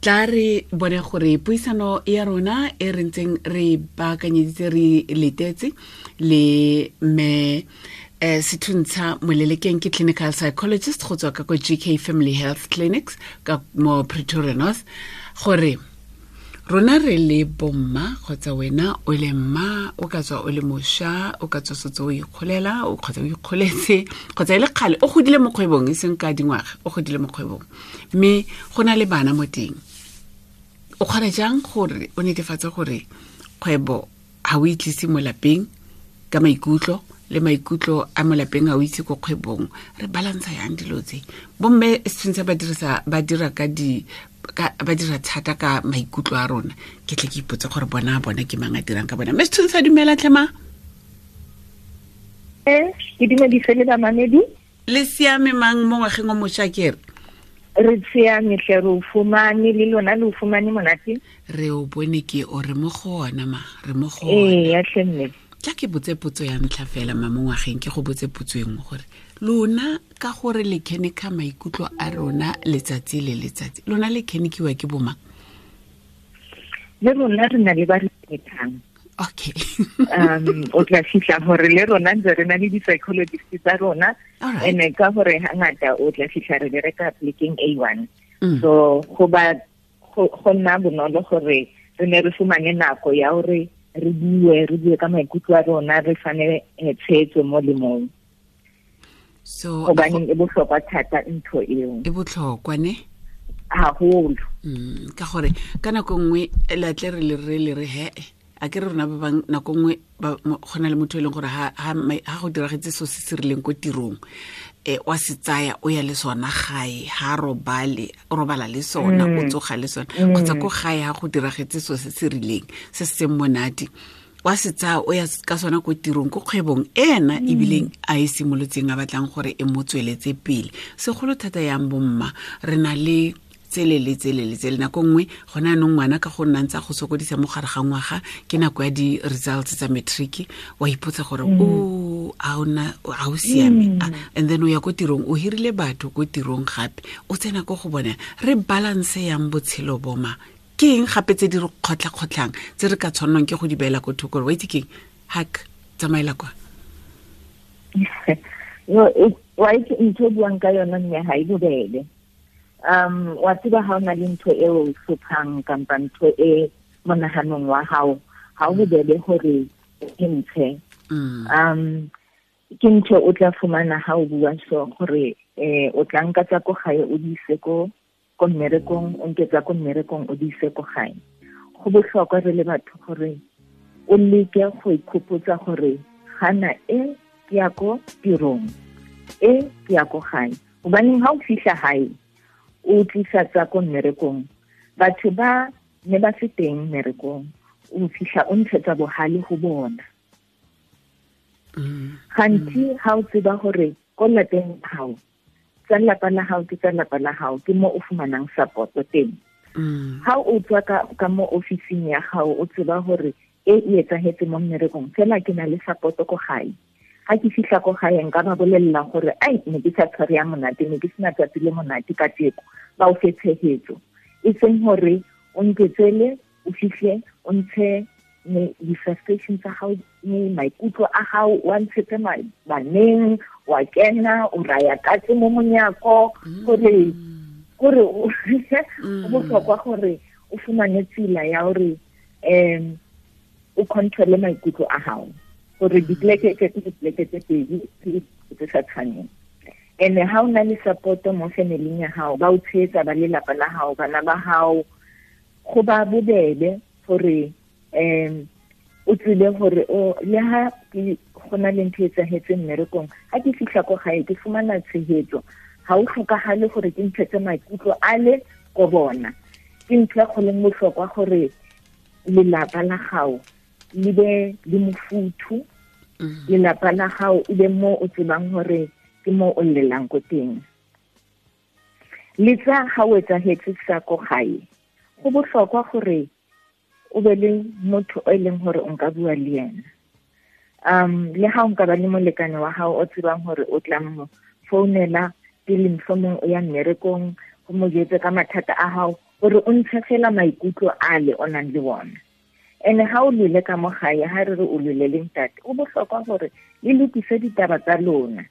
tla re bone gore puisano ya rona e re ntseng re baakanyeditse re letetse le me um eh, sethuntsha molelekeng ke clinical psychologist go tswa ka ko g k family health clinics ka mo pretoria north gore rona re le bomma kgotsa wena o le mma o ka tswa o le mošwa o ka tswa setse o ikgolela o kgotsa o ikgoletse kgotsa e le kgale o godile mo kgwebong e seng ka dingwaga o godile mo kgwebong mme go na le bana mo teng o kgona jang gore o netefatse gore kgwebo ga o itlise mo lapeng ka maikutlo le maikutlo a mo lapeng a o itse ko kgwebong re balansa yang dilo tse bomme e sentse ba dirisa ba dira ka di ka ba dira thata ka maikutlo a rona ke tle ke ipotse gore bona bona ke mang a dirang ka bona mme se sa dumela tlhema eh, ke dumedise le bamamedi le siame mang mo ngwageng o mošwa kere re tsheame tle re o fumane le lona le o fumane monate re o bone ke o re mo ona ma re mo gona ee ya tle ke botse potso ya ntlha fela ma mo ngwageng ke go botse potso engwe gore lona ka gore le khenika maikutlo a rona letsatsi le letsatsi lona le khenikiwa ke bomang le rona re na le ba re phethang okay um o tla fitla gore le rona ntse re na le di-psychologist tsa rona ene ka gore ga ngata o tla fitla re bereka plekeng a one mm. so go ba go nna bonolo gore re ne re fumane nako ya gore re bue re bue ka maikutlo a rona re fane eh, tshetso mo lemong mong so gobaneng e botlhokwa thata ntho eo e botlhokwa ne haholo mm, ka gore ka nako e nngwe latle re le re le re hee a kere rona ba bang nako nngwe go na le motho e leng gore ga go diragetse so se se rileng ko tirong um wa se tsaya o ya le sona gae ga robale robala le sona o mm. tsoga le sona kgotsa ko mm. gae ga go diragetse so se se rileng se se seng monate wa se tsaya o ya ka sona ko tirong ko kgwebong ena mm. ebileng a e simolotseng a batlang gore e mo tsweletse pele segolo thata yang bomma re na le tselele tselele tsele nako nngwe gona anong ngwana ka go nna ntse go sokodisa mo gare ga ngwaga ke nako ya di-results tsa matric wa ipotsa gore mm. o a o siame mm. ah, and then o ya ko tirong o hirile batho ko tirong gape o tsena ko go bona re balance yang botshelo boma ke eng gape tse di re kgotlha-kgotlhang tse re ka tshwannang ke go di beela ko thoko re itse keng hak tsamaela kwa eh, wa itse ntho e buang ka yona mme ga e bobele um wa tseba ha o na le ntho e o hlophang kampa ntho e monaganong wa hao ha mm. o bobebe gore e ntshe mm. um ke ntho o tla fumana ha o bua so gore eh o tla nka tsa go gae o di ise ko ko mmerekong o nke tsa ko mmerekong o di ise ko gae go botlhokwa re le batho gore o leke go ikhopotsa gore gana e ke ya ko tirong e ke ya ko gae gobaneng ga o fitlha gae o tlisa tsa ko mmerekong batho ba ne ba se teng mmerekong o fitlha o ntshetsa bogale go bona mm. gantsi ga o tseba gore ko lapeng gao tsa lapa la gago ke tsa lapa la gago ke mo o fumanang supporto teng ga mm. o tswa ka mo ofising ya gago o tseba gore e e etsagetse mo mmerekong fela ke na le suport-o ko gae ga ke fitlha ko gae nka ba bolelela gore ai ne ke sa tshware ya monate ne ke sena tsatsi le monate ka teko ba o fe tshegetso e seng gore o ntsetsele o fitlhe o ntshe di-frustration tsa gago le maikutlo a gago wa ntshetsa baneng wa kena o raya katse mo monyako gore mm. gore o mm. botlhokwa gore o fumane tsela ya gore um o controle maikutlo a gago gore mm. dipleke tse ke dipleke tse pedi tse sa tshwaneng ene ha o na le support-o mo family ya gago ba o tsheetsa ba lelapa la gago bana ba gago go ba bobebe gore um o tsebe gore le ha go na le ntho e tsagetse mmerekong ga ke fitlha ko gae ke fumana tshegetso ga o tlhokagale gore ke ntshetse maikutlo a le ko bona ke ntho ya go leng botlhokwa gore lelapa la gago le be le mofuthu mm. lelapa la gago e be mo o tsebang gore ke mo o llelang ko teng le tsa ga o etsagetse sa ko gae go botlhokwa gore o be le motho o e leng gore o nka bua le ena um le ga o nka ba le molekane wa gago o tsebang gore o tla mo founela pele mfomong o ya mmerekong go mo jetse ka mathata a gago gore o ntshe fela maikutlo a le o nang le ona ene ga o lwele ka mo gae ga re re o lweleleng tate o botlhokwa gore le lokise ditaba tsa lona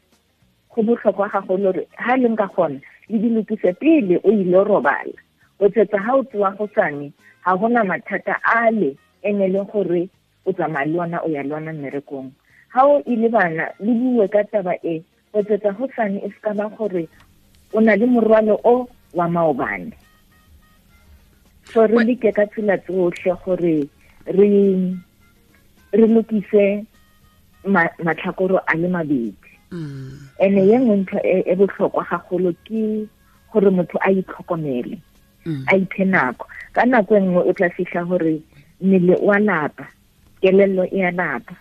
go botlhokwa ga golo gore ha leng ka gona le di lokise pele o ile robala o tsetsa ha o tsewa go sane ga gona mathata a le ene le gore o tsamaya le ona o ya le ona mmerekong ha o ile bana le bue ka taba e o tsetsa go sane e ska ba gore o na le morwalo o wa maobane so re leke ka tsela tsohle gore re re lokise matlhakoro a le mabedi and e nngwe ntho e, e botlhokwa gagolo ke gore motho a itlhokomele mm. a iphe nako ka nako e nngwe o tla fitlha gore mmele wa lapa kelello e ya lapa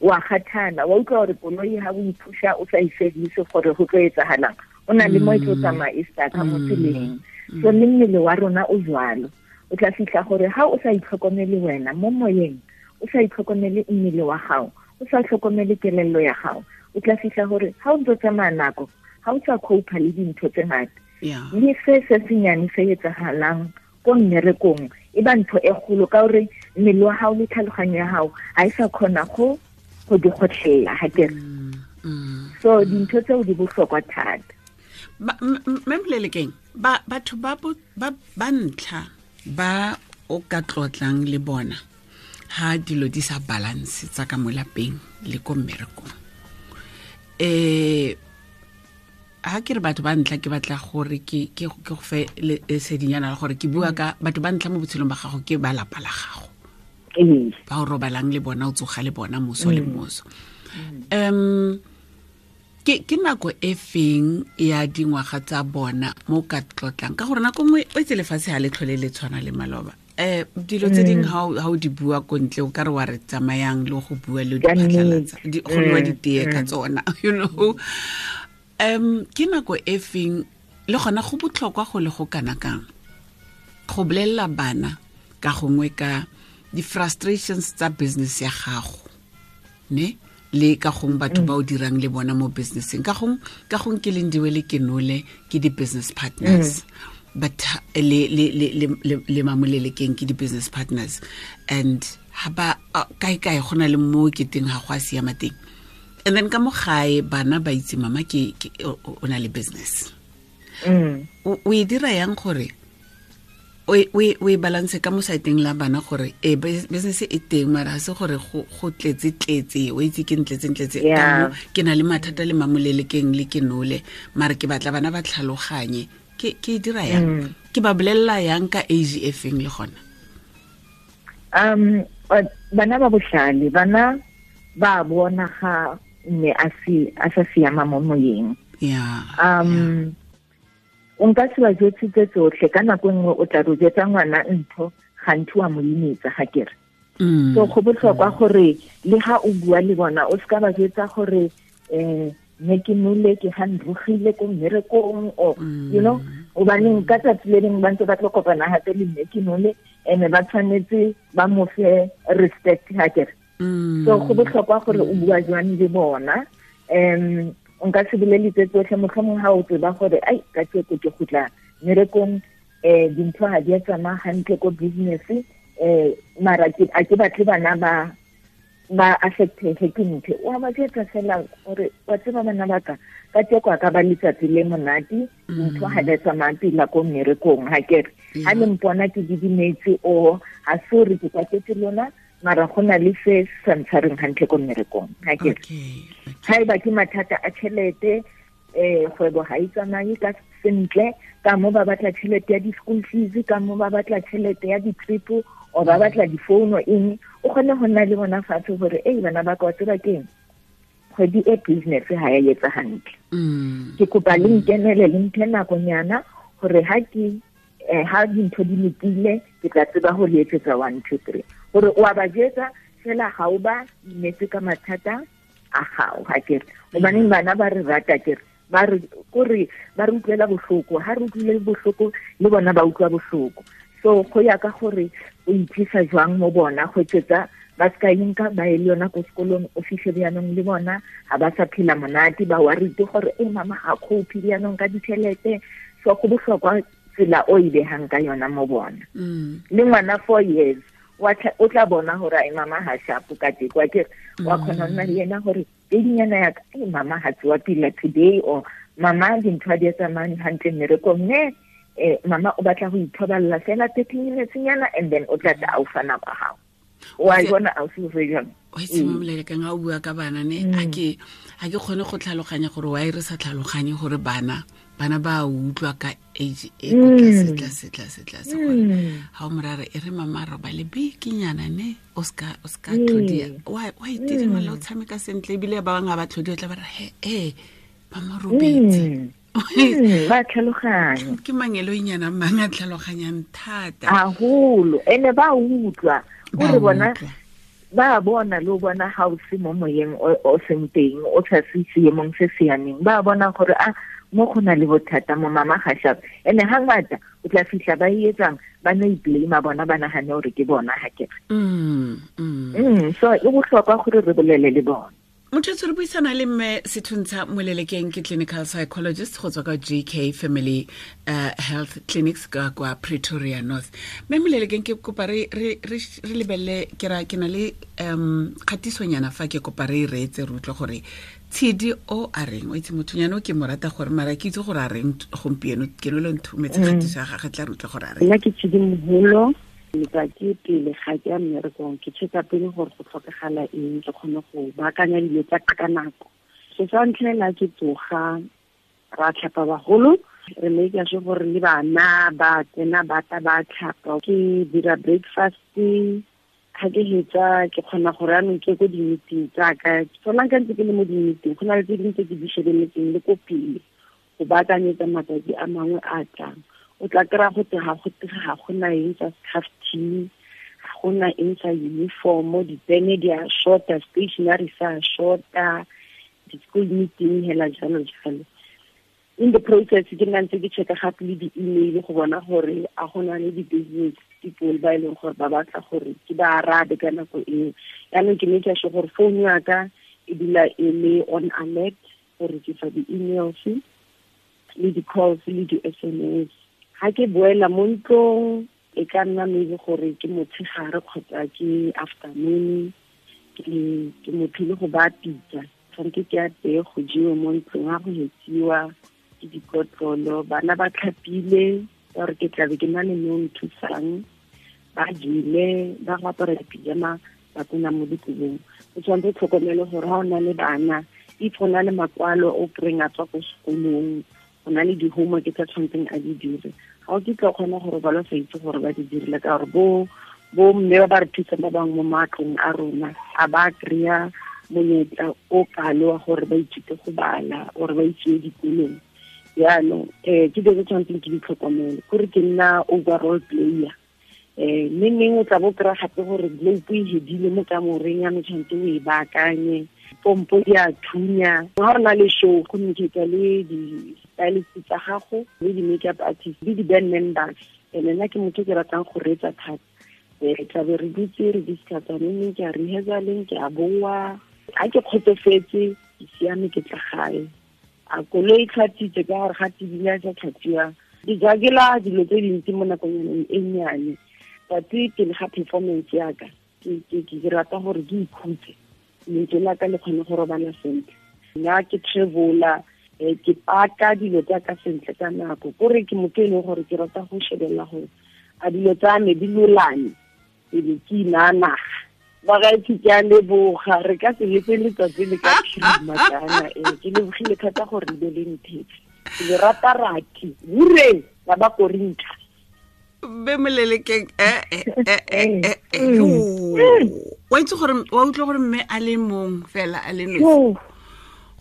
wa gathana wa utlwa gore koloi ga o iphusa o sa e service gore go tlo etsagalang o na le mo e tlo mm. tsamaya e staka mo tseleng mm. so le mmele wa rona o jalo o tla fitlha gore ga o sa itlhokomele wena mo moyeng o sa itlhokomele mmele wa gago o sa tlhokomele kelello ya gago E o tla fitlha gore ga o ntse tsamaya nako ga o sa copa le dintho tse ngata le se se senyane se etsagalang ko mmerekong e ba ntho e golo ka gore mmele wa gago le tlhaloganyo ya gago ga e sa kgona go go di gotlhela ga kere mm, mm. so dintho tseo di bohlokwa thata memolelekeng batho ba ntlha ba o ka tlotlang le bona ha dilo di sa balance tsa ka mo lapeng le ko mmerekong eh ha ke re batho ba ntla ke batla gore ke ke go fe sedinyana la gore ke bua ka batho ba ntla mo botshelong ba gago ke ba lapa la gago mm-hmm. ba o robalang le bona o tsoga le bona moso le mm-hmm. moso um ke ke nako e feng ya dingwaga tsa bona mo ka tlotlang ka gore nako nngwe o e etse lefatshe ga le tlhole le tshwana le maloba eh dilo tse ding mm. ha ha o di bua ko ntle o ka re wa re tsamayang le go bua le di phatlalatsa di go nwa mm. ditee ka mm. tsona you know um ke nako e feng le gona go botlhokwa go le go kana kang go bolelela bana ka gongwe ka di-frustrations tsa business ya gago ne le ka gong batho ba o dirang le bona mo businesseng ka gong ke leng diwele ke nole ke di-business partners mm. but le le le le le mamolelekeng ke di-business partners and ha ba kae kae go na le mo ke teng ha go a siama teng and then ka mo gae bana ba itse mama ke o na le business mm. o e dira yang gore o e, e, e balance ka mo saeteng la bana gore e business e teng mara ga se gore go tletse tletse o itse ke ntletse ntletse ke na le mathata le mamolelekeng le ke nole mara ke batla bana ba tlhaloganye ke ke dira yang mm. ke ba bolella yang ka AGF eng feng le gona um bana ba botlhale bana ba bona ga ne a si a sa siama mo moyeng yeah um o nka se ba jetse tse tsotlhe ka nako e nngwe o tla rojetsa ngwana ntho gantsi wa moimetsa ga kere mm. so go botlhokwa gore le ga o bua le bona o se ka ba jetsa gore um me ke nole ke handrogile ko mmerekong or you know mm. obaneng ka tsatsi le leng ba ntse ba tlo kopana gape le nne ke nole and-e ba tshwanetse ba mofe respect ga kere so mm. go botlhokwa gore o bua jwang le bona um nka se boleletse tsotlhe motlhomong ga o tseba gore ai ka tseko ke gotla mmerekong um dintho ga di a tsamaya gantle ko business um eh, mara a ke batle bana ba ba affectege ke ntho o a ba jetsa fela gore wa tseba bana ba ka ka tsekwa ka ba letsatsi le monati mm. ntho ga le tsamaya pila ko mmerekong ga kere ga mm. le mpona ke didimetse o oh, ga se ore ke kwatetse lona mara go na le se sa ntshwareng gantle ko mmerekong ga kere ga e ba ke mathata a tšhelete um eh, kgwebo ga e tsamaye ka sentle ka mo ba batla tšhelete ya di-school fees ka mo ba batla tšhelete ya di-trip o ba batla difounu eng o kgone go nna le bona fatshe gore ei bana ba ka tseba keng kgwedi e business ha ya yetsa hantle mm. ke kopa le nkenele le mphe nakonyana gore ha ke eh, ha dintho di lekile ke tla tseba go le one two three gore o a ba jetsa fela ga o ba imetse ka mathata a gago ga kere gobaneng bana ba re rata kere ba re utlwela bohloko ha re utlwile bohloko le bona ba utlwa bohloko so go ya ka gore o itshisa jwang mo bona go tsetsa ba se inka e ba e le yona ko sekolong o fitlhe bjanong le bona ga ba sa phela monate ba warite gore e mama ga kgopi bjanong ka ditšhelete so go botlhokwa tsela o e behang ka yona mo bona mm. le ngwana four years o tla bona gore e mama ga shapo ka tekwa ke wa khona nna le yena gore ke dinyana ya e mama ga tsewa pila today or mama dintho di tsamayng hantle mmerekong ne eh, mama o batla go ithoballa fela thirty minutes nyana and then o tla tla aufana ba gago o itse e mamolele mm. ka nga o bua ka bana ne mm. a ke kgone go tlhaloganya gore wa ire sa tlhaloganye gore bana bana ba utlwa ka age e ko tlase gore ga o morara e re mama roba le bekenyana ne o ska o ska mm. tlhodia wa e o tshameka sentle ebile ba bangwe ga ba tlhodi o tla ba re he ee mama robetse Hmm, ba tlhaloganya ke mangelo e mang a tlhaloganyang thata haholo ene ba utlwa gore bona ba bona le bona ga se mo moyeng o seng teng o sa se seemong se siameng ba bona gore a ah, mo go na le bothata mo mama ga shap ene ha ngata o tla fihla ba etsang ba no iblame bona ba nagane gore ke bona ha ke mm, mm. mm so e botlhokwa gore re bolele le bona motho a buisana le mme sethuntsha molelekeng ke clinical psychologist go tswa kwa g k family uh, health clinics ka kwa pretoria north mme molelekeng ke kopa re lebelele ke ra ke na le um kgatisonyana fa ke kopa re e reetse re utlwe gore tshedi o a reng o itse mothonyana o ke mo rata gore mara ke itse gore a reng gompieno ke no le nthumetse kgatiso ya gagetla tla re utlwe gore a reng letsatsi pele ga ke ya mmerekong ke checka pele gore go tlhokagala eng ke kgone go baakanya dilo tsa ka nako so sa ntlhela ke tsoga ra tlhapa bagolo re make sure gore le bana ba tsena ba tla ba tlhapa ke dira breakfast ga ke hetsa ke kgona gore anong ke ko di-meeting tsaka solang ka ntse ke le mo di-meeting go na le tse dingwe tse ke di shebeletseng le ko pele go baakanyetsa matsatsi a mangwe a tlang o tla kry-a gote ga gote ga gona eng tsa scafting ga gona eng tsa uniformo dipene di a shorta stationary sa shorta di-school meeting hela jalo jalo in the process ke nna ntse ke checka gape le di-email go bona gore a gona le di-business people ba e leng gore ba batla gore ke ba arabe ka nako eo yaanong ke ne ke gore phone ya ka e dula e le on alert gore ke fa di-emails le di-calls le di-sms ga ke boela mo ntlong e ka nna maybe gore ke motshegare kgotsa ke afternoon ke motho go ba pitsa tshwanke ke a tee go jewe mo ntlong a go hetsiwa ke dikotlolo bana ba tlhapile ka gore ke tlabe ke na le mo nthusang ba jele ba go apara dipijama ba tsena mo dikobong o tshwanetse tlhokomele gore ga o na le bana if o na le makwalo o kry-eng a tswa ko sekolong go na le di ke tsa tshwanetseng a di dire ga o kitla kgona gore ba la sa itse gore ba di dirile ka gore bo mme ba ba re thusa ba bangwe mo maatlong a rona a ba kry-a monyetla o kalo wa gore ba ithute go bala ore ba itseye dikolong yaanong um ke dilo tse tshwanetseng ke ditlhokomele kore ke nna overall player um eh, mme neng o tla bo kry-a gape gore glope e hedile mo kamoreng ya metshwanetse o e baakanye pompo di a thunya ga re na le show communicata le di stylist tsa gago le di-makeup artist le di-band members and nna ke motho ke ratang go reetsa thata re tlabe re dutse re discatsaneneng ke a rehearsaleng ke a boa a ke kgotsofetse ke siame ke tla gae a koloi e tlhatsitse ka gore ga tebile sa tlhatsiwang dijakela dilo tse dintsi mo nakong e nnyane tate pele ga performance yaka ke rata gore ke ikhutse lentswe la ka le kgone go robala sentle nna ke traveler e ke paka dilo tsa ka sentle ka nako kore ke motho e leng gore ke rata go shebelela gore a dilo tsa me di lolane pele ke inaanaga inanaga bagaetsho ke a leboga re ka se lefe letsatsi le ka phirima kana e eh, ke lebogile thata gore le le nthetse le rata raki ure la ba korinta be molelekeng eh, wa itse gore wa utlwa gore mme a le mong fela a le nosi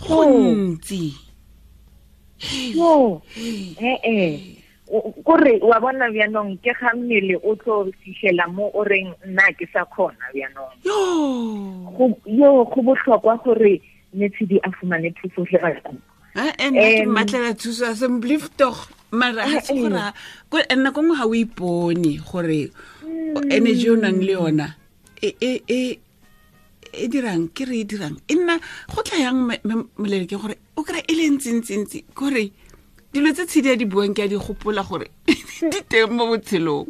go ntsi yo eh eh kore wa bona bjanong ke ga mmele o tlo fitlhela mo o reng nna ke sa khona bjanong yo go botlhokwa gore metshedi a fumane thuso le batho matlela thuso a mara ga se eh, eh. gore nako nngwe ga o ipone gore mm. energy o nang le yona e, e, e e dirang ke re e dirang e nna go tla yang molelekeng gore o kry e le ntsintsintsi kore dilo tse tshedi a di buang ke a di gopola gore di teng mo botshelong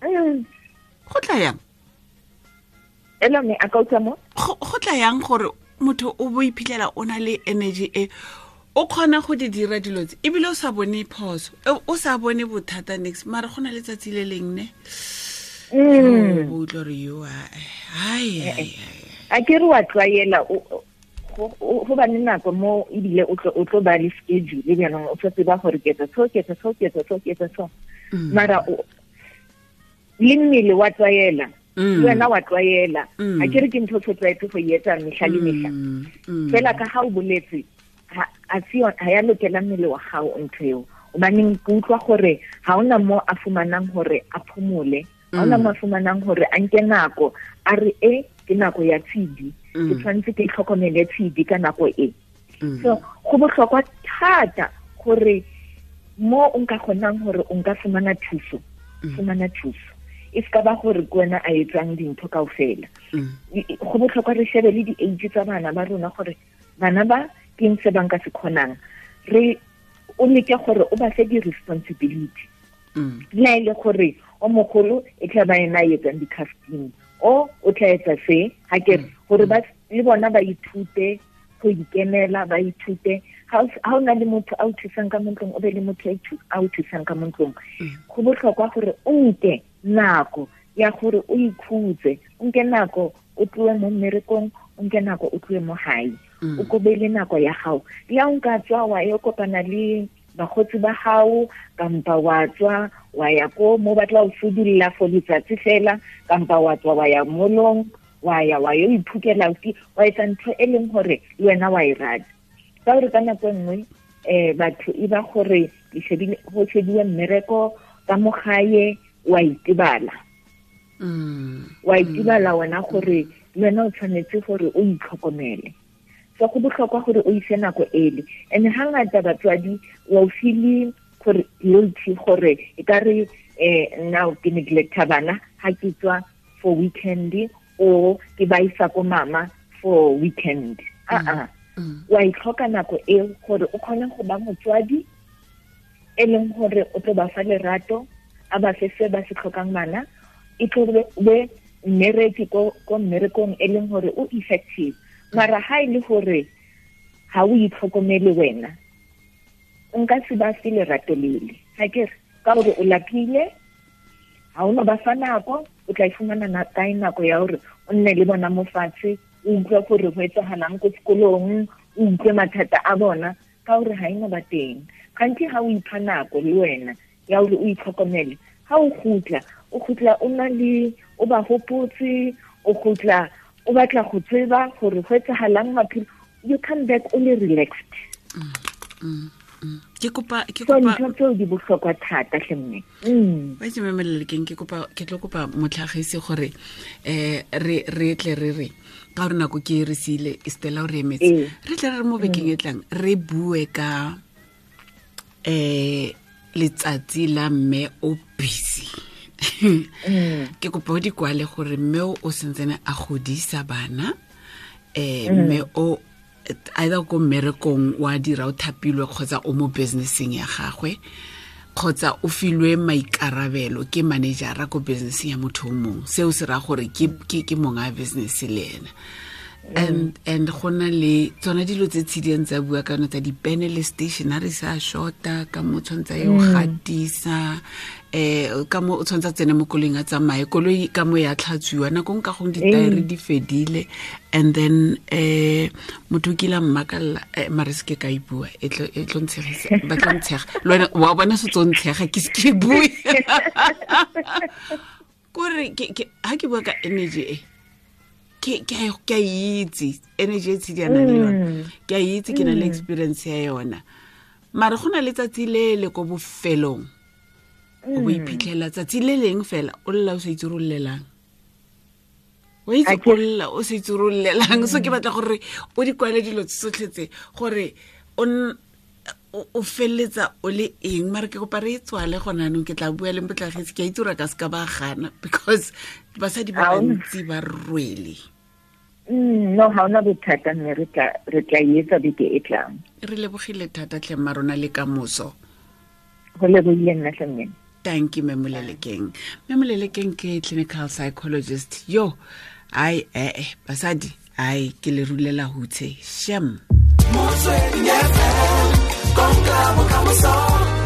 go tla yang go tla yang gore motho o bo iphitlhela o na le energy e o kgona go di dira dilo tse ebile o sa bone phoso e, o sa bone bothata next maare go na letsatsi le leng ne mm. o utlwa gore yo ai a ke re wa tlwaela go ba ne nako mo ebile o tlo ba le schedule jaanong o tshwetse ba gore ketsa so ketsa so ketsa so ketsa so mm. mara le mmele wa tlwaela mm. wena wa tlwaela mm. a ke re ke ntho tse tlwaetse go e etsa metlha le metlha fela ka ga o boletse ga ya lokela mmele wa gago ntho eo obaneng ke utlwa gore ga ona mo a fumanang gore a phomole ga ona mo a fumanang gore a nke nako a re e ke nako ya TB ke mm. tshwanetse ke tlhokomele TB ka nako e mm. so go botlhokwa thata gore mo o nka kgonang gore o nka fumana thuso mm. fumana thuso e se ka ba gore ke wena a etsang dintho kao fela e, e, go botlhokwa re shebe le di-age tsa bana ba rona gore bana ba ke eng se ba nka se kgonang re o leke gore o ba di-responsibility le a e le gore o mogolo e tla ba ena a etsang di-casting o o tla etsa se ha ke gore mm. ba mm. le bona ba ithute go ikemela ba ithute ha o na le motho a o thusang ka montlong o be le motho a o thusang ka montlong go mm. botlhokwa gore o nke nako ya gore o ikhutse o nke nako o tloe mo mmerekong o nke nako o tlowe mo gae o kobele nako ya gago le ha o nka tswa wa e kopana le bagotsi ba gago kampa wa tswa wa ya ko mo batla o fudula for letsatsi fela kampa wa tswa wa ya molong wa ya wa yo iphukela ke wa etsa ntho e leng gore le wena wa e rata ka gore ka nako e nngwe um batho e ba gore go shediwe mmereko ka mogae wa itebala mm, wa mm. itebala wena gore le wena o tshwanetse gore o itlhokomele so go botlhokwa gore o ise nako ele and ga ngata batswadi wa o file gore guilty gore e ka re um now ke neglecta bana ga ke tswa for weekend o ke ba isa ko mama for weekend mm. aa mm. wa itlhoka e nako eo gore o kgone go ba motswadi e leng gore o tlo ba fa lerato a ba fe se ba se tlhokang bana e tlo be mmereki ko mmerekong e leng gore o effective mara ha e le gore ga o itlhokomele wena nka se ba fe lerato lele ga kere ka gore o lapile ga o no ba fa nako o tla e fumana kae nako ya gore o nne le bona mofatshe o utlwa gore go etsagalang ko sekolong o utlwe mathata a bona ka gore ga eno ba teng gantsi ga o ipha nako le wena ya gore o itlhokomele ga o gutla o gutla o na le o ba gopotse o gutla o batla go tseba gore go etsagalang maphelo you come back o relaxed ke kopa ke di bohlokwa thata mm. ke memelele keng ke tlo kopa motlhagisi gore um re re tle re re ka gore nako ke re sile stela o re emetse ee. re tle re re mo bekeng e mm. tlang re bue ka um letsatsi la mme o busy Mm. ke kopa o di kwale gore mme o sentsene a godisa bana um mme o either ko mmerekong o a dira o thapilwe kgotsa o mo businesseng ya gagwe kgotsa o filwe maikarabelo ke managera ko business ya motho o mongwe seo se raya gore ke monga business le ena and and go na le tsona dilo tse tshediang tsa bua ka no tsa dipene le station a re sa shota ka mo tshwanetsa yo gatisa um ka mo o tshwanetsa e mm. eh, tsene mo koleng a tsamaye koloi ka mo ya tlhatswiwa nako e nka gong ditaere mm. di fedile and then um motho o kile mmakalela eh, ke ka e bua e tlo e ba ntshega le wena wa bona se tso ntshega ke se ke bue kore ha ke bua ka energy e eh ke a itse energy e tshedi a nang le yona mm. ke a itse ke na le mm. experience ya yona mare go na le tsatsi le le ko bofelong o bo mm. iphitlhela tsatsi le leng fela o lela o sa itse rollelang o itse o lela o sa itse rollelang so ke batla gore o di kwale dilo tsotlhetse gore o o feleletsa o le eng mare ke kopa re e tswale gona anong ke tla bua leng mpotlagetse ke a itse gore ka seka ba gana because basadi ba bantsi ba rwele mm, no ga ona bothata mme re tla etsa beke e tlang re lebogile thata tlhemma rona le kamoso go lebogile nna tlhemmeng thank you memolelekeng memolelekeng ke clinical psychologist yo ai ee basadi ai ke le rulela hutshe shem Motsweding calma, como sou?